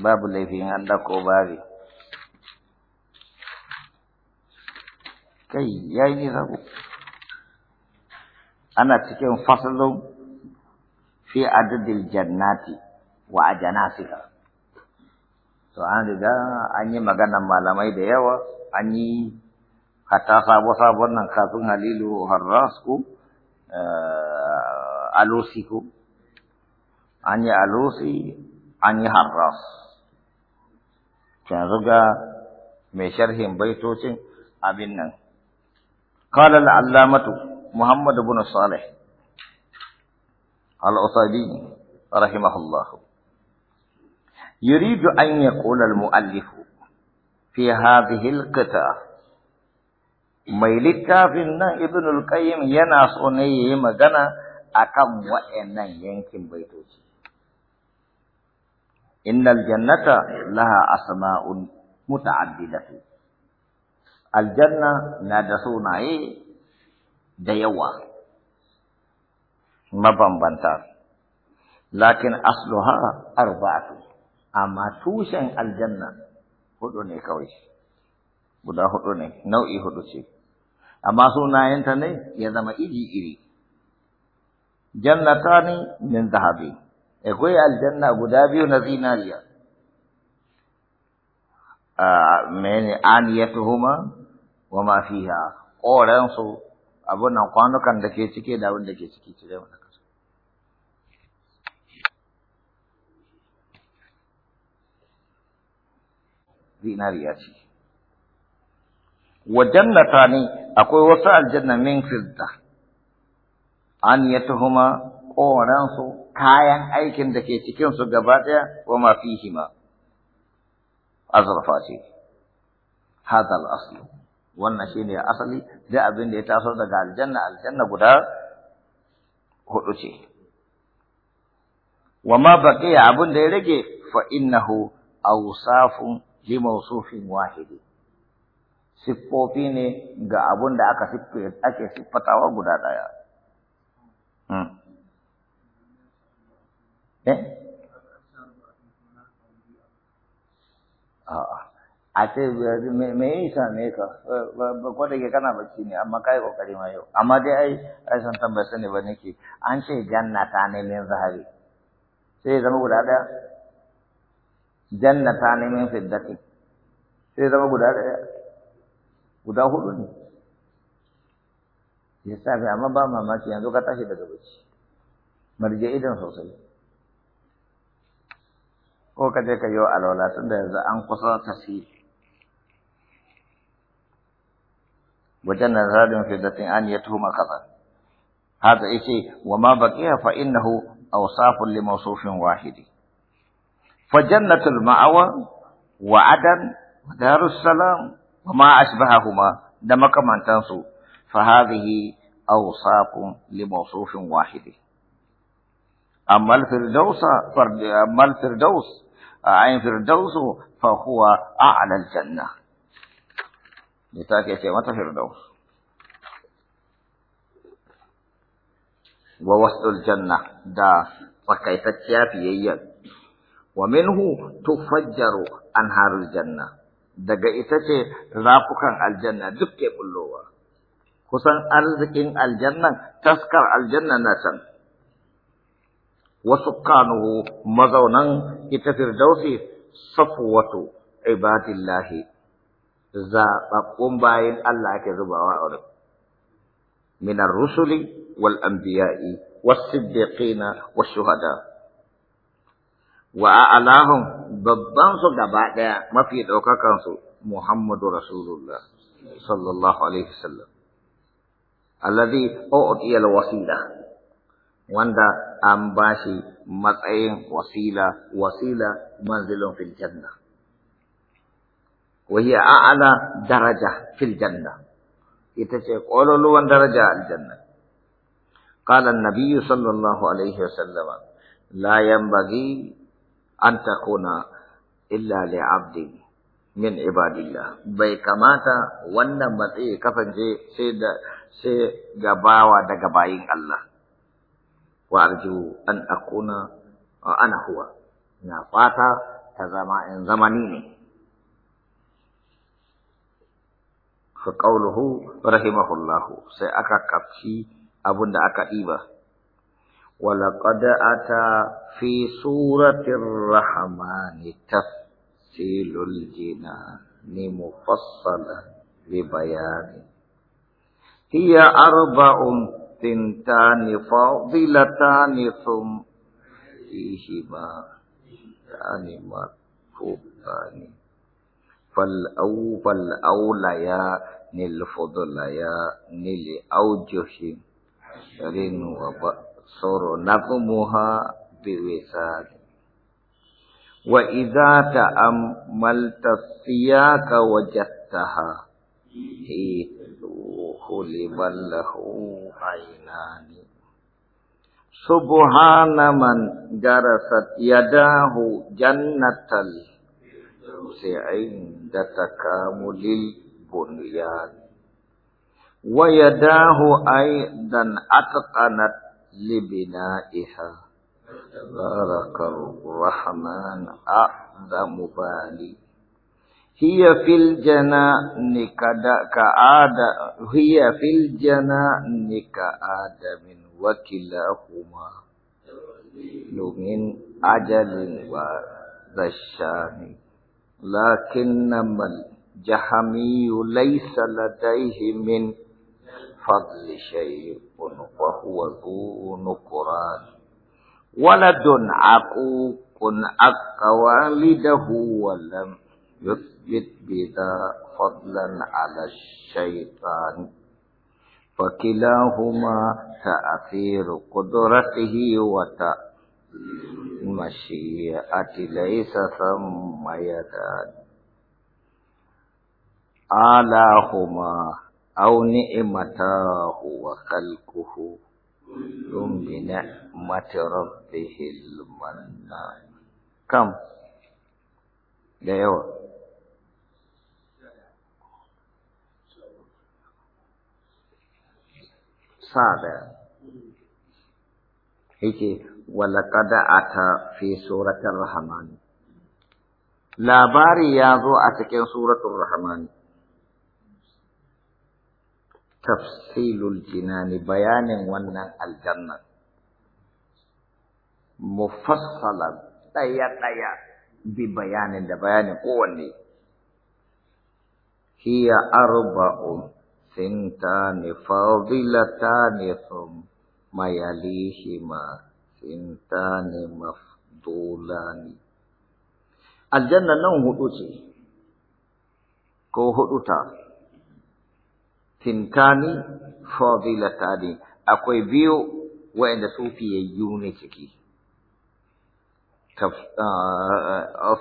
babu laifin an dako babi kai ya yi rabu ana cikin fasalin fi adadin jannati wa a janasika to an riga an yi maganan malamai da yawa an yi hatta sabo-sabon nan kafin halilu harrasku alosiku an yi alosi an yi harras yanzu ga mai sharhin baitocin abin nan qala al-allamatu muhammad ibn salih al-usaydi rahimahullah yuridu an yaqula al-muallif fi hadhihi al-qita mai littafin nan ibn al-qayyim yana so ne yayi magana akan wa'annan yankin baitoci innal jannata laha asma'un muta'addidatu aljanna na da sunaye da yawa mabambanta lakin asluha arba'atu amma tushen aljanna hudu ne kawai guda hudu ne nau'i hudu ce amma sunayenta ne ya zama iri iri jannatani min zahabi akwai aljanna guda biyu na zinariya mene aniyatuhuma wa ma fiha koran su abun nan kwanukan da ke cike da abin da ke ciki cire mana kasu zinariya ce wa jannata ne akwai wasu aljanna min fidda aniyatuhuma koran su kayan aikin da ke cikin su gaba ɗaya wa ma ma azrafa ce hadal asli wannan shine asali da abin da ya taso daga aljanna aljanna guda hudu ce wa ma baqiya abin da ya rage fa innahu awsafun li mawsufin wahidi siffofi ne ga abin da aka siffata ake siffatawa guda ɗaya hmm. eh a'a a ce me yi same ka ko da ke kana bacci ne amma kai kokari ma yau amma dai ai ai san tambaya ne ba nake an ce janna ta neman zahari sai ya zama guda janna ta zama guda guda ya amma mamaki yanzu ka tashi daga bacci marje sosai ko ka je ka yi wa alwala tun da yanzu an kusa tasiri wajen nan zarin fidatin an ya tuhuma kaza haka yace wa ma baqiya fa innahu awsafun li mawsufin wahidi fa jannatul ma'awa wa adan darus salam wa ma ashbahahuma da makamantan su fa hadhihi awsafun li mawsufin wahidi amma al-firdaus amma al-firdaus ayin firdausu fa huwa a'lal janna ta take ce mata firdaus wa wasdul janna da tsakaitacciya fiyayya wa minhu tufajjaru anharul janna daga ita ce rafukan aljanna duk ke bullowa kusan arzikin aljannan taskar aljanna na can wasu kanuhu mazaunan كتاب فردوس صفوة عباد الله ذا قوم باين الله كذبا وعرب من الرسل والأنبياء والصديقين والشهداء وأعلاهم ببان سو ما في دوكا كانسو محمد رسول الله صلى الله عليه وسلم الذي أعطي الوسيلة وأن an ba shi matsayin wasila wasila manzilin fil janna wa hiya a'la daraja fil janna ita ce ƙololuwan daraja aljanna qala an-nabiy sallallahu alaihi wasallam la yanbaghi an takuna illa li 'abdi min ibadillah bai kamata wannan matsayi kafanje sai da sai gabawa daga bayin Allah وأرجو أن أكون آه، أنا هو نفاتا تزمان زمانيني فقوله رحمه الله سأكا كبشي أبن أكا إيبا ولقد أتى في سورة الرحمن تفصيل الجنان مفصلا ببيان هي أربع تنتان فاضلتان ثم فيهما كان مرفوضان فالأو فالأوليان الفضليان لأوجه رن وبصر نظمها بوسال وإذا تأملت السياق وجدتها هي لمن له عينان سبحان من جرست يداه جنة الفردوس عند تكامل البنيان ويداه أيضا أتقنت لبنائها تبارك الرحمن أعظم بالي هي في الجنان كأدا هي في نكأدا كآدم وكلاهما من أجل وذشان لكنما الجهمي ليس لديه من فضل شيء وهو ذو نكران ولد عقوق أقوى والده ولم يثبت بذا فضلا على الشيطان فكلاهما تأثير قدرته وتمشيئة ليس ثم يدان آلاهما أو نعمتاه وخلقه ثم بنعمة ربه المنان كم؟ ده يوم صابر هيك ولقد أتى في سورة الرحمن لا باري يا ذو أتكن سورة الرحمن تفصيل الجنان بيان ونن الجنة مفصلا تيا تيا ببيان لبيان قولي هي أربع sintani fadilatani sum mayalihima sintani mafdulani aljanna nan hudu ce ko hudu ta sintani fadilatani akwai biyu wa'anda su fiyayyu ne ciki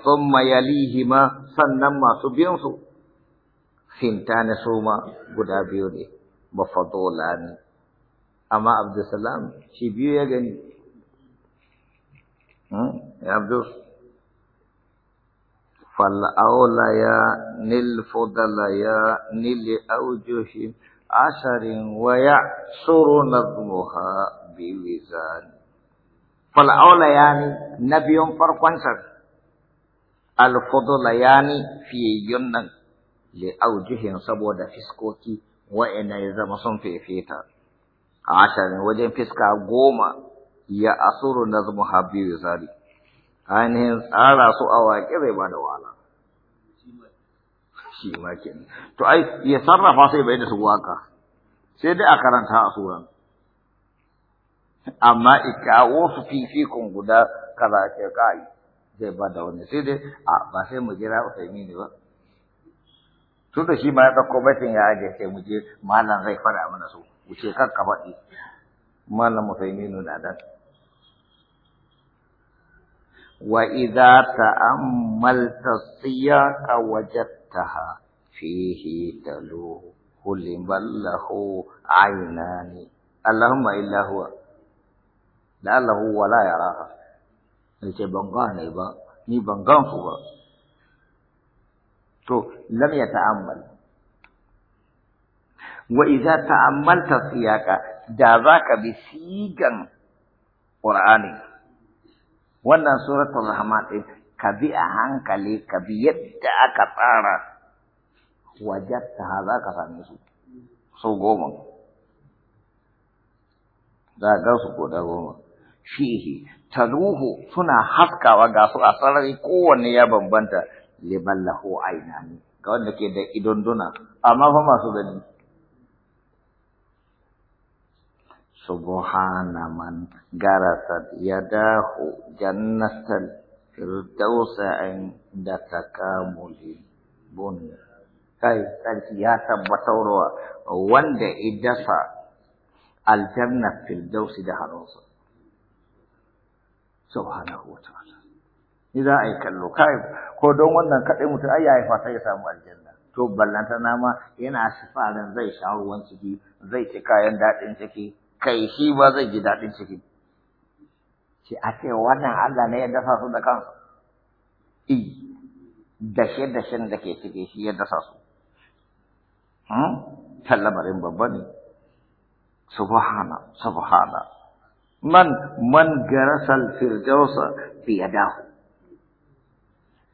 ثم يليهما سنما سبينسو finta na suma guda biyu ne ne amma abdulsalam shi biyu ya gani hmm, fal'aula ya nil fudala ya nil aujuhi asharin tsoro na suru nazmuha ne. fal'aula ya ni na biyun farkon sar al ya ni fiye yunan. aujihin saboda fiskoki wa'ina ya zama sun fefeta a ashirin wajen fiska goma ya asuru na zama habibu zari ainihin tsara su a waƙi zai bada wala wahala shi ma to ai ya sarrafa sai bai da su waka sai dai a karanta a suran amma ikawo su fifikun guda kaza ke kai zai bada wani sai dai a ba sai mu jira usaimi ne ba tunda shi ma ya dauko baitin ya aje sai mu je malam zai fara mana su wuce kan ka faɗi malam musaiminu na dan wa idza ta'ammalta siyaqa wajadtaha fihi talu kulli ballahu aynani allahumma illa huwa la lahu wa la yaraha nace ban gane ba ni ban gan ku ba to lam ya ta'ammal wa idza ta'ammalta siyaka da zaka bi sigan qur'ani wannan suratul rahman din ka bi a hankali ka bi yadda aka tsara wajatta za ka same su goma za su goma suna haskawa ga su a sarari kowanne ya bambanta liman lahu ainani ga wanda ke da idon duna amma fa masu gani subhana man garasat yadahu jannatan firdausa inda takamuli bun kai sarki ya tabbatarwa wanda idasa aljanna firdausi da hannunsa subhanahu wa ta'ala ni ai kallo kai ko don wannan kaɗai mutum ai ya fata ya samu aljanna to ballanta nama yana sifarin zai sha ruwan ciki zai ci kayan daɗin ciki kai shi ba zai ji daɗin ciki ce a ce wannan Allah ne ya dasa su da kansa i dashe dashen da ke cike shi ya dasa su sallamarin hmm? babba ne subhana subhana man man garasal firdausa fi yadahu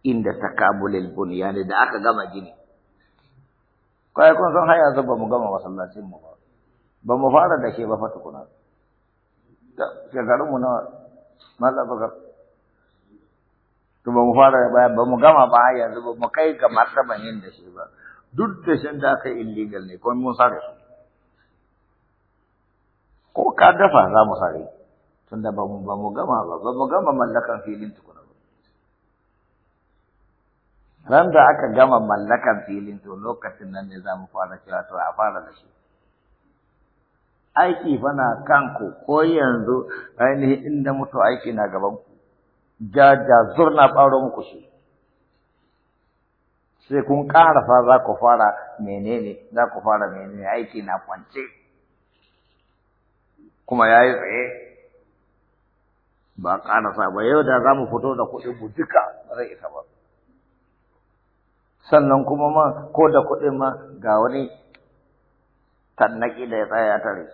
inda takabulil bunyani da aka gama gini kai kun san haya zuba mu gama masallacin mu ba mu fara da ke ba fa tukuna shekarun mu na malla baka to ba mu fara ba ba mu gama ba haya zuba mu kai ga martaban yin da shi ba duk da shan da aka illegal ne kuma mun sare su ko ka dafa za mu sare tunda ba mu ba mu gama ba ba mu gama mallakan filin tukuna ran da aka gama mallakan filin to lokacin nan ne za mu fara cewa to a fara da shi aiki fana kanku ko yanzu ainihin inda mutu aiki na gaban ku jaja na ɓaro muku shi sai kun ƙarafa za ku fara menene za ku fara menene aiki na kwance kuma ya yi tsaye ba sa. ba yau da za mu fito da kuɗi mu duka zai isa ba sannan kuma ma ko da kuɗin ma ga wani tannaki da ya tsaya tare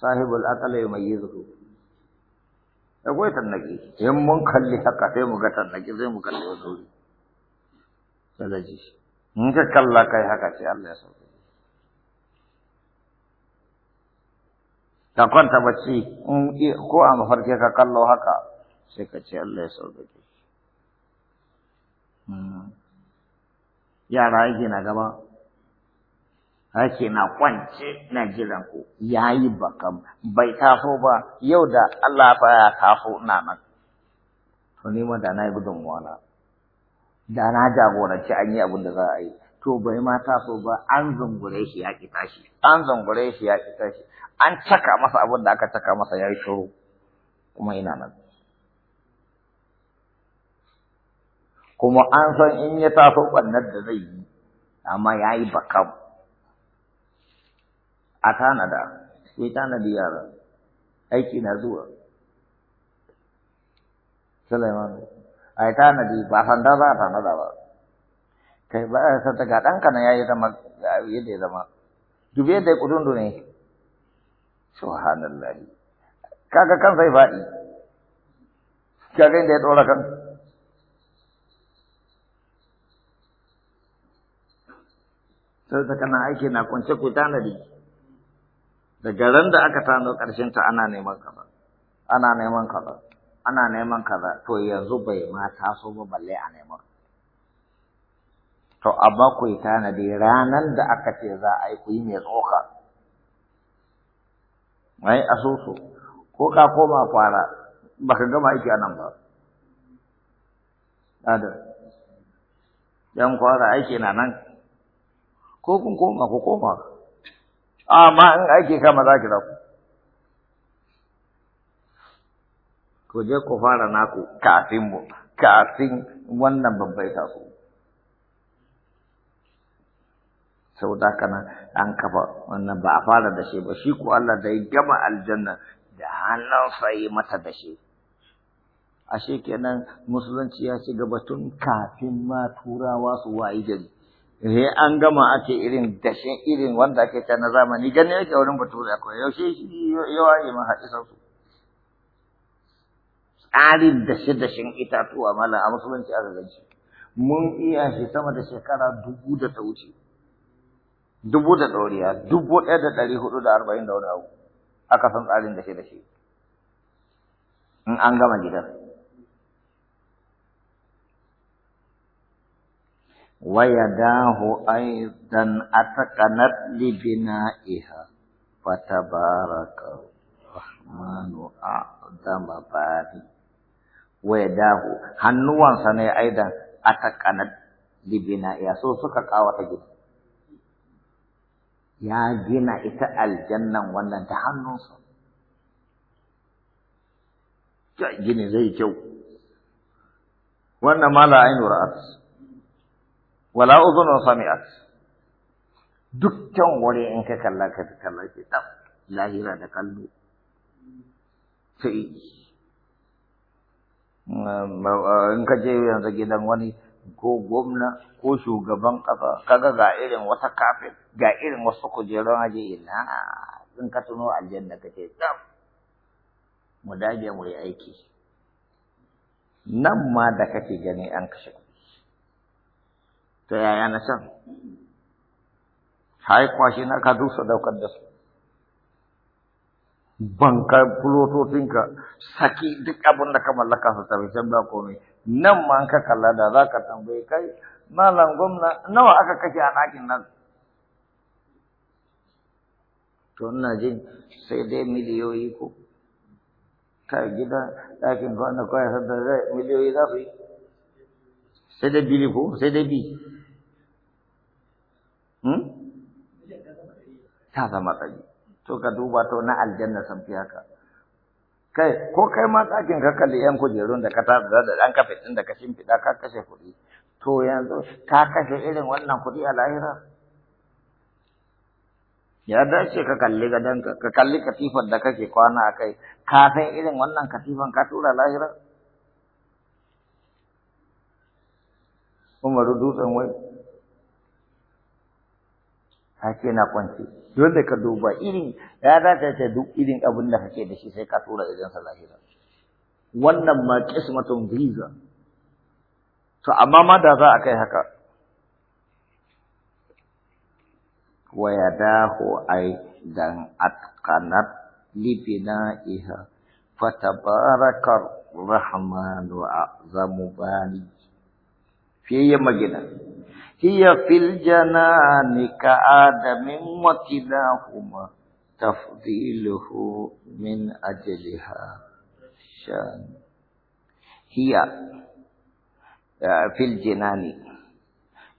sahibul aqala da akwai tannaki in mun kalli haka sai mu ga tannaki sai mu kalli wani wuri ji in ka kalla kai haka sai Allah ya sauke ka kwanta bacci in ko a mafarki ka kallo haka sai ka ce Allah ya sauke Mm-hmm. yara yake na gaba ake na kwance na jiran ku ya yi bakan bai taso ba yau da Allah ba ya taso na nan to ni ma da na yi gudun na da na jagoranci an yi abin da za a yi to bai ma taso ba an zungure shi ya ki tashi an zungure shi ya ki tashi an caka masa abin da aka caka masa ya yi kuma ina nan kuma an san in ya taso ɓannar da zai yi amma ya yi bakam a tanada sai tanadi yara aiki na zuwa Sulaiman a yi tanadi ba sanda za a tanada ba kai ba a sata ga ɗanka na ya yi zama yadda ya zama dubi yadda ya kudundu ne subhanallahi kaga kan sai faɗi kaga inda ya ɗora kan sai ta kana aiki na kwance ku tanadi daga ran da aka tano karshen ta ana neman kaza ana neman kaza ana neman kaza to yanzu bai ma taso ba balle a neman to amma ku yi tanadi ranan da aka ce za a yi ku yi mai tsoka mai asusu ko ka koma fara baka gama aiki a nan ba adam yan kwara aiki na nan ko kun koma ko koma amma in aiki kama za ki zaku ku je ku fara naku kafin mu kafin wannan babbai Sau saboda kana an kafa wannan ba a fara da shi ba shi ko Allah da ya gama aljanna da hannun sai mata da shi ashe kenan musulunci ya ci gaba tun kafin ma turawa su wayi gari sai an gama ake irin dashen irin wanda ake ta na zamani gani yake wurin bature akwai yaushe shi yawa yi ma hadisan su tsarin dashe dashen itatuwa mala a musulunci a ganci mun iya shi sama da shekara dubu da ta wuce dubu da ɗoriya dubu ɗaya da ɗari hudu da arba'in da wani abu aka san tsarin dashe dashe in an gama gidan Wa ya dawo idan atakanarra na iya bata baraka adama ba wa ya dawo hannu wansane idan atakanarra na iya sosai suka kawata juna ya gina ita aljanna wannan ta hannun sa, jai gini zai kyau wannan ma la'anyar wala wa sami'at dukkan wuri in ka kalla ka kalla ki da lahira da kallo sai in ka je yanzu gidan wani ko gwamna ko shugaban kafa kaga ga irin wata kafin ga irin wasu kujerun aje ina in ka tuno aljanna kake tsam mu dage mu yi aiki nan ma da kake gani an kashe ta yaya na can hai shi na ka dusa daukar da su bankar ka, saki duk abin da ka mallaka su tafi can ba komai nan ma ka kalla da za ka tambaye kai malam gwamna nawa aka kashe a ɗakin nan to ina jin sai dai miliyoyi ko ka gida ɗakin kwana kawai sadda miliyoyi za su yi sai dai bili ko sai dai bi Hmm? ta zama ɗari to ka duba to na aljanna san fi haka kai ko kai ma tsakin ka kalli yan kujerun da ka tada da ɗan kafe ɗin da ka shimfiɗa ka kashe kuɗi to yanzu ka kashe irin wannan kuɗi a lahira ya dace ka kalli gadonka ka kalli katifar da kake kwana a kai ka san irin wannan katifan ka tura lahira umaru dutsen wai ce na kwance dole ka duba irin ya ka ce duk irin abin da kake da shi sai ka tura idan sa lahira wannan ma qismatun biza to amma ma da za a kai haka wa yadahu ai dan atqanat libina iha fatabarakar rahmanu a'zamu bani fiye magina هي في الجنان كآدم وكلاهما تفضيله من أجلها شان هي آه، في الجنان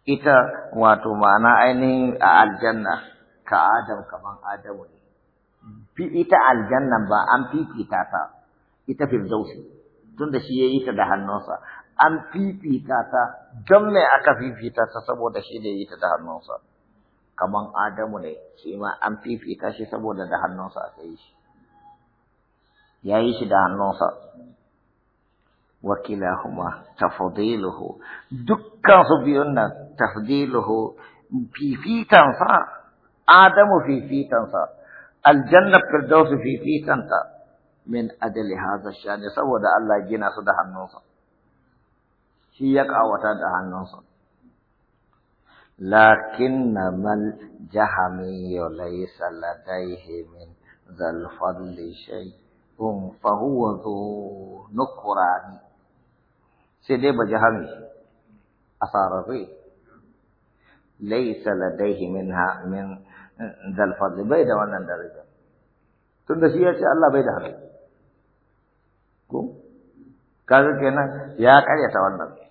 إذا واتو معنى أني الجنة كآدم كما آدم إذا الجنة با أم في كتابة إذا في الزوسي تندشي إذا دهان نوصر an fifita ta don me aka fifita ta saboda shi da yi ta da hannunsa Kamar Adamu ne shi ma an fifita shi saboda da hannunsa aka yi shi ya yi shi da hannunsa wakilahuma tafdiluhu dukkan su biyun nan tafdiluhu fifitansa Adamu fifitansa aljanna firdausu fifitanta min adali haza shani saboda Allah gina su da hannunsa shi ya ƙawata da hannunsa. Lakin na mal jahami saladai hemin min lishai, un fahuwa zo nukurani. Sai dai ba jahami a sararre. Lai saladai min ha min zalfadli bai da wannan Tun Tunda shi ya ce Allah bai da hannu. Ko? Kaga kenan ya karyata wannan.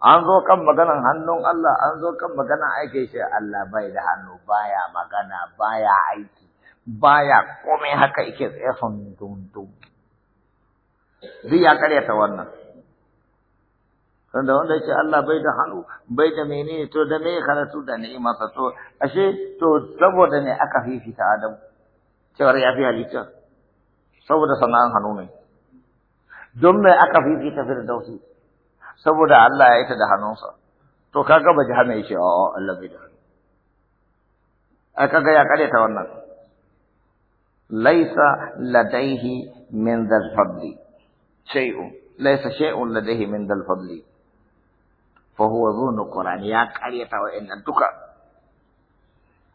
an zo kan maganan hannun Allah an zo kan maganan aikin shi Allah bai da hannu baya magana baya aiki baya komai haka yake tsefan dundun duk ya karyata wannan sanda wanda yake Allah bai da hannu bai da menene to da me karatu da ni'imarsa to ashe to saboda ne aka fifita Adam cewar ya fi halitta saboda sana'an hannu ne don me aka fifita Firdausi saboda Allah ya ita da hannunsa to kaga ba jihar yake a Allah bai da hannu ai kaga ya kare ta wannan laisa ladaihi min dal fadli shay'u laisa shay'u ladaihi min dal fadli fa huwa dhunu qur'an ya kare ta wa'annan duka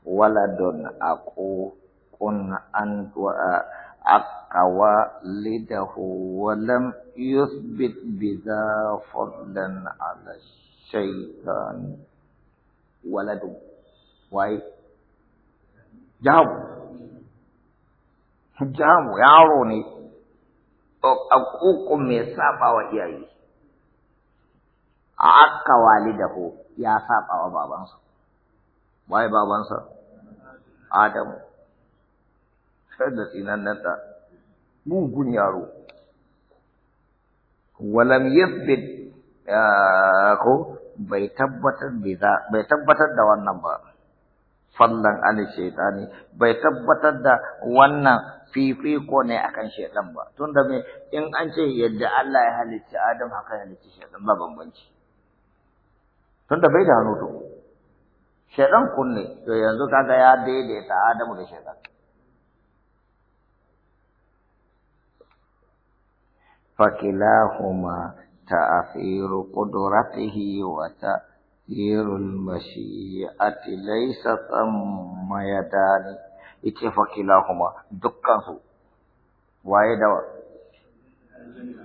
wala waladun aqu kun an akawa lidahu walam yusbit bida fadlan ala syaitan waladu wai jawab jawab yaro ne akuku me saba wa iyayi akka walidahu ya saba wa babansa wai babansa adamu sai da tsinannen ɗa mugun yaro walam yathbit ko bai tabbatar bai tabbatar da wannan ba fallan an shaytani bai tabbatar da wannan fifiko ne akan shaitan ba tunda me in an ce yadda Allah ya halicci Adam haka ya halicci shaitan ba bambanci tunda bai da hannu to shaitan kunne to yanzu kaga ya daidaita Adamu da shaytan فكلاهما تأثير قدرته وتأثير المشيئة ليس ثم يدان إتي فكلاهما دكانه waye dawa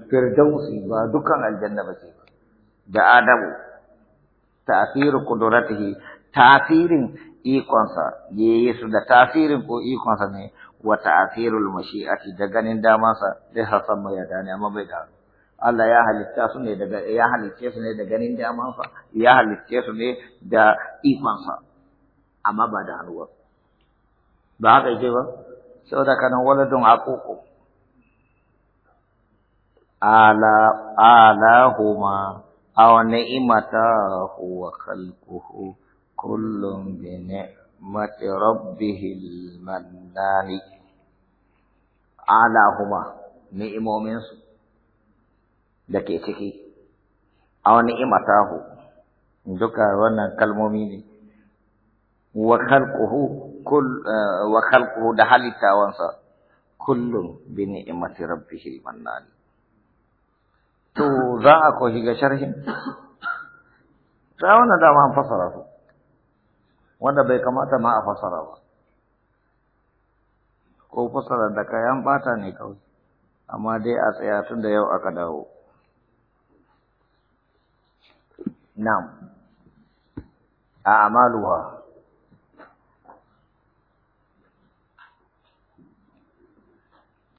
firdausi ba dukan aljanna ba ce da adamu tasirin kudratihi tasirin ikonsa yayi da tasirin ko ikonsa ne wa ta'khirul mashi'ati da ganin sa da hasan mai da ne amma bai da Allah ya halitta su ne daga ya halitta su ne da ganin sa ya halitta su ne da sa amma ba da hannuwa ba haka yake ba saboda kana waladun aqoqo ala alahuma aw ni'matahu wa khalquhu kullum bi ni'matihi نعمة ربه المنان أعلاهما da ke ciki a wani imatahu duka wannan kalmomi ne wa kalkuhu da halittawansa kullum bi ni'mati rabbihil mannani to za a ko shiga sharhin za wannan dama an fasara su wanda bai kamata ma a fasara ba ko fasara da kayan bata ne kawai amma dai a tsaya tun da yau aka dawo na'am a amaluwa